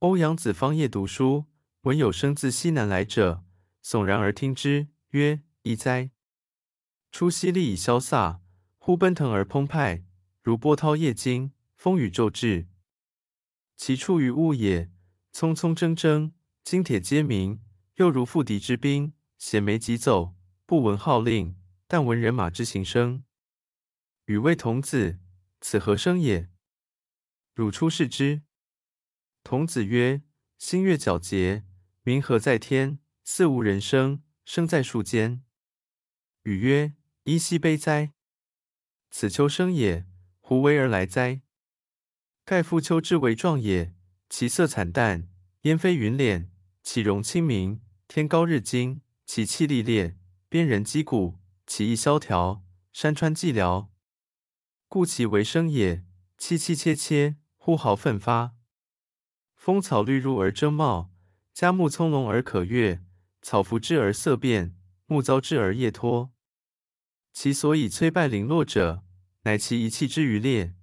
歐陽子方夜讀書，聞有聲自西南來者，悚然而聽之，曰：異哉！初淅瀝以蕭颯，忽奔騰而砰湃，如波濤夜驚，風雨驟至。其觸於物也，鏦鏦錚錚，金鐵皆鳴；又如赴敵之兵，銜枚疾走，不聞號令，但聞人馬之行聲。予謂童子：此何聲也？汝出視之。童子曰：“星月皎潔，明河在天，四無人聲，聲在樹間。”予曰：“噫嘻，悲哉！此秋聲也，胡為而來哉？蓋夫秋之為狀也，其色慘淡，煙霏雲斂；其容清明，天高日晶；其氣慄冽，砭人肌骨；其意蕭條，山川寂寥。故其為聲也，淒淒切切，呼號憤發。”豐草綠縟而爭茂，佳木蔥籠而可悅；草拂之而色變，木遭之而葉脫。其所以摧敗零落者，乃其一氣之餘烈。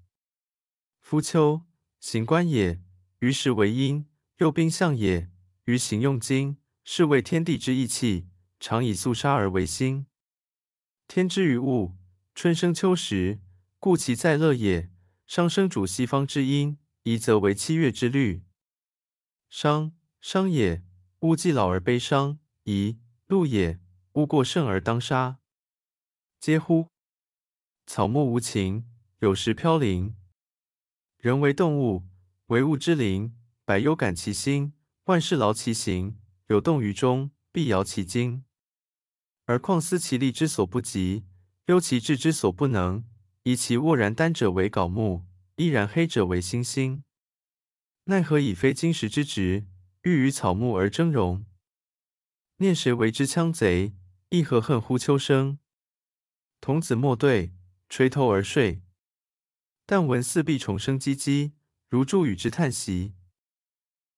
夫秋，刑官也，於時為陰，又兵象也，於行為金，是謂天地之義氣，常以肅殺而為心。天之於物，春生秋實，故其在樂也，商聲主西方之音，夷則為七月之律。商，傷也，物既老而悲傷；夷，戮也，物過盛而當殺。嗟乎草木無情，有時飄零；人為動物，惟物之靈。百憂感其心，萬事勞其形，有動於中，必搖其精。而況思其力之所不及，憂其智之所不能，宜其渥然丹者為槁木，黟然黑者為星星。奈何以非金石之質，欲與草木而爭榮？念誰為之戕賊，亦何恨乎秋聲！童子莫對，垂頭而睡。但聞四壁蟲聲唧唧，如助予之歎息。